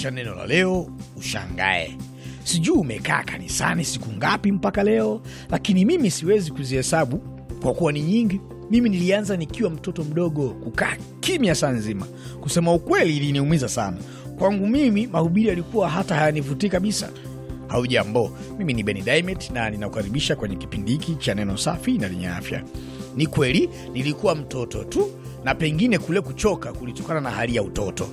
cha neno la leo, ushangae. Sijui umekaa kanisani siku ngapi mpaka leo, lakini mimi siwezi kuzihesabu kwa kuwa ni nyingi. Mimi nilianza nikiwa mtoto mdogo kukaa kimya saa nzima. Kusema ukweli, iliniumiza sana. Kwangu mimi mahubiri yalikuwa hata hayanivutii kabisa. Haujambo, mimi ni Beni Dimet na ninakukaribisha kwenye kipindi hiki cha neno safi na lenye afya. Ni kweli nilikuwa mtoto tu, na pengine kule kuchoka kulitokana na hali ya utoto,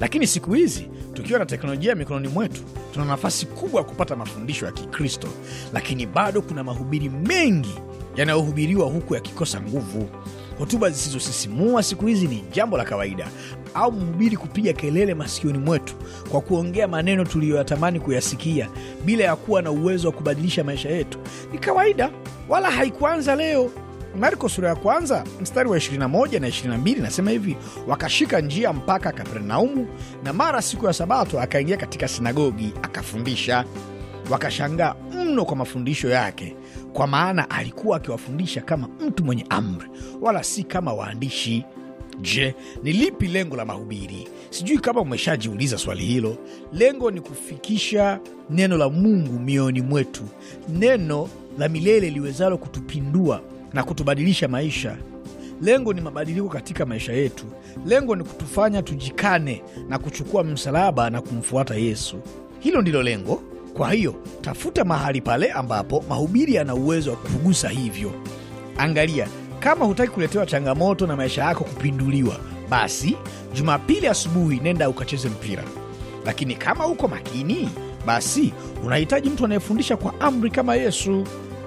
lakini siku hizi tukiwa na teknolojia mikononi mwetu, tuna nafasi kubwa ya kupata mafundisho ya Kikristo, lakini bado kuna mahubiri mengi yanayohubiriwa huku yakikosa nguvu. Hotuba zisizosisimua siku hizi ni jambo la kawaida, au mhubiri kupiga kelele masikioni mwetu kwa kuongea maneno tuliyoyatamani kuyasikia bila ya kuwa na uwezo wa kubadilisha maisha yetu ni kawaida, wala haikuanza leo. Marko sura ya kwanza mstari wa 21 na 22 nasema hivi: wakashika njia mpaka Kapernaumu, na mara siku ya Sabato akaingia katika sinagogi akafundisha. Wakashangaa mno kwa mafundisho yake, kwa maana alikuwa akiwafundisha kama mtu mwenye amri, wala si kama waandishi. Je, ni lipi lengo la mahubiri? Sijui kama umeshajiuliza swali hilo. Lengo ni kufikisha neno la Mungu mioyoni mwetu, neno la milele liwezalo kutupindua na kutubadilisha maisha. Lengo ni mabadiliko katika maisha yetu. Lengo ni kutufanya tujikane na kuchukua msalaba na kumfuata Yesu. Hilo ndilo lengo. Kwa hiyo tafuta mahali pale ambapo mahubiri yana uwezo wa kugusa hivyo. Angalia, kama hutaki kuletewa changamoto na maisha yako kupinduliwa, basi Jumapili asubuhi nenda ukacheze mpira. Lakini kama uko makini, basi unahitaji mtu anayefundisha kwa amri kama Yesu.